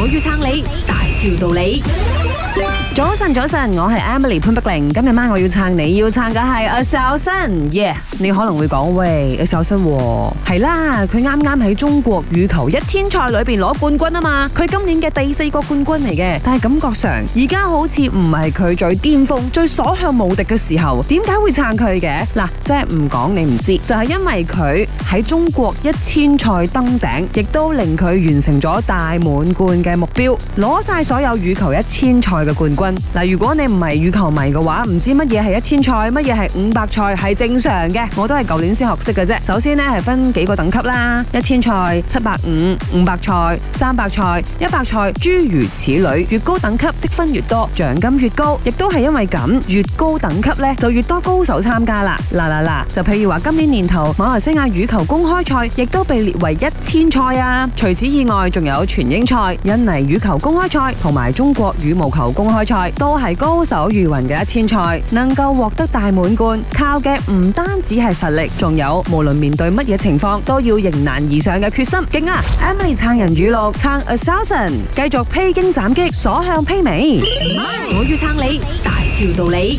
我要撐你，大條道理。早晨，早晨，我係 Emily 潘碧玲。今日晚我要撐，你要撐嘅係阿首森，yeah。你可能會講喂，阿首森係啦，佢啱啱喺中國羽球一千賽裏邊攞冠軍啊嘛，佢今年嘅第四個冠軍嚟嘅。但係感覺上，而家好似唔係佢最巔峰，最所向無敵嘅時候，點解會撐佢嘅？嗱，即係唔講你唔知，就係因為佢喺中國一千賽登頂，亦都令佢完成咗大滿貫嘅目標，攞晒所有羽球一千賽嘅冠軍。嗱，如果你唔係羽球迷嘅話，唔知乜嘢係一千賽，乜嘢係五百賽係正常嘅，我都係舊年先學識嘅啫。首先呢，係分幾個等級啦，一千賽、七百五、五百賽、三百賽、一百賽，諸如此類。越高等級積分越多，獎金越高，亦都係因為咁，越高等級呢，就越多高手參加啦。嗱嗱嗱，就譬如話今年年頭馬來西亞羽球公開賽亦都被列為一千賽啊。除此以外，仲有全英賽、印尼羽球公開賽同埋中國羽毛球公開賽。都係高手如雲嘅一千賽，能夠獲得大滿貫，靠嘅唔單止係實力，仲有無論面對乜嘢情況，都要迎難而上嘅決心勁啊！Emily 撐人語錄，撐 Axelsen，繼續披荊斬棘，所向披靡。我要撐你，大條道理。